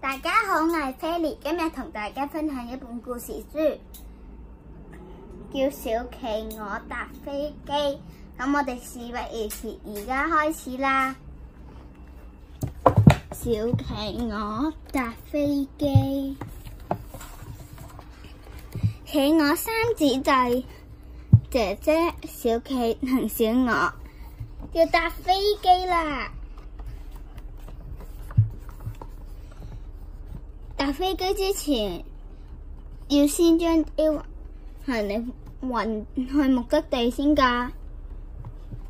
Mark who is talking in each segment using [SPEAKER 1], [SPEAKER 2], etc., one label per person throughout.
[SPEAKER 1] 大家好，我係 Fely，今日同大家分享一本故事書，叫小《小企鵝搭飛機》那們。咁我哋事不宜遲，而家開始啦。小企鵝搭飛機，企鵝三姊妹，姐姐小企同小鵝，要搭飛機啦。搭飛機之前要先將啲行李運去目的地先噶。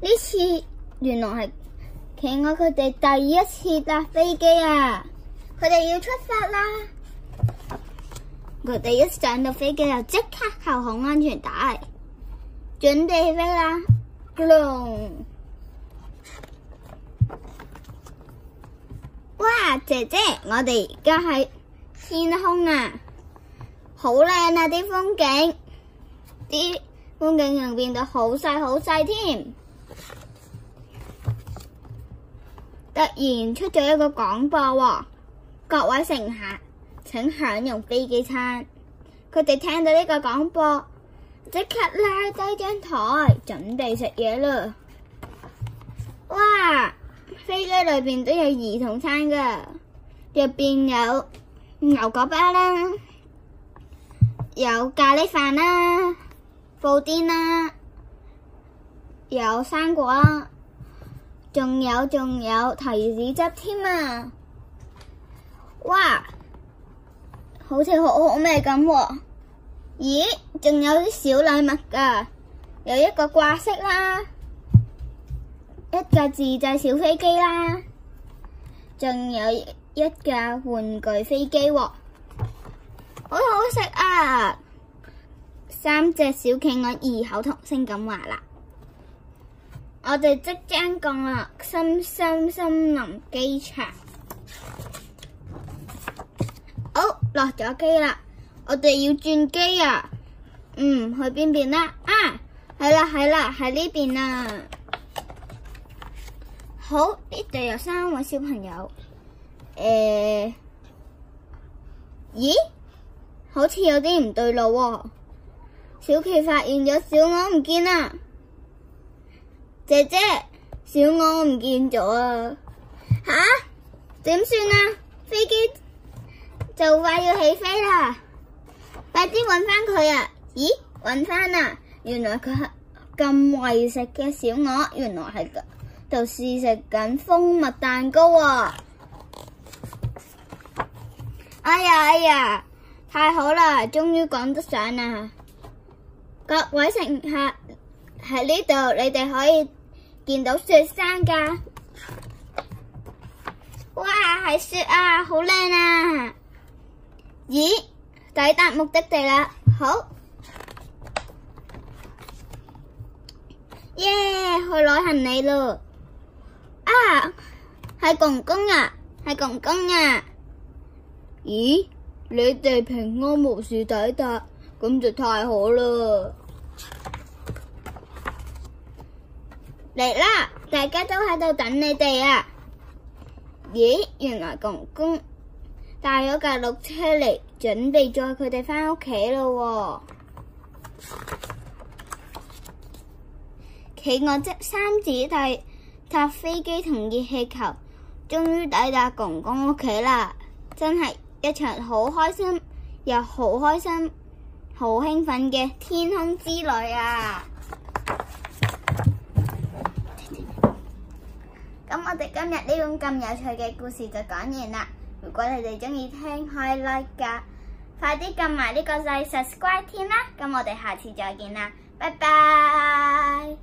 [SPEAKER 1] 呢次原來係企鵝佢哋第一次搭飛機啊！佢哋要出發啦。佢哋一上到飛機就即刻扣好安全帶，準備飛啦！隆！哇，姐姐，我哋而家喺。天空啊，好靚啊！啲風景，啲風景又變到好細好細添。突然出咗一個廣播喎，各位乘客，請享用飛機餐。佢哋聽到呢個廣播，即刻拉低張台，準備食嘢啦。哇！飛機裏邊都有兒童餐噶，入邊有。牛角包啦，有咖喱飯啦，布丁啦，有生果啦，仲有仲有提子汁添啊！嘩，好似好好味咁喎！咦，仲有啲小禮物㗎，有一個掛飾啦，一個自製小飛機啦，仲有。一架玩具飛機喎，好好食啊！三隻小企鵝異口同聲咁話啦。我哋即將降落深深森林機場。好，落咗機啦。我哋要轉機啊。嗯，去邊邊啦？啊，係啦係啦，喺呢邊啊。好，呢度有三位小朋友。誒、呃，咦，好似有啲唔對路喎，哦。小奇發現咗小鵝唔見啦，姐姐，小鵝唔見咗啊！吓，點算啊？飛機就快要起飛啦，快啲搵翻佢啊！咦，搵返啦！原來佢係咁為食嘅小鵝，原來系度試食緊蜂蜜蛋糕啊！哎呀哎呀，太好啦！終於趕得上啦！各位乘客喺呢度，你哋可以見到雪山噶。哇，係雪啊，好靚啊！咦，抵達目的地啦，好！耶，去攞行李咯！啊，係公公啊，係公公啊！咦，你哋平安無事抵達，咁就太好啦！嚟啦，大家都喺度等你哋啊！咦，原來公公帶咗架綠車嚟，準備載佢哋翻屋企咯。企鵝仔三姐弟搭飛機同熱氣球，終於抵達公公屋企啦！真係～一場好開心又好開心，好興奮嘅天空之旅啊！咁我哋今日呢種咁有趣嘅故事就講完啦。如果你哋中意聽，high like 噶，快啲撳埋呢個細 Subscribe 添啦！咁我哋下次再見啦，拜拜。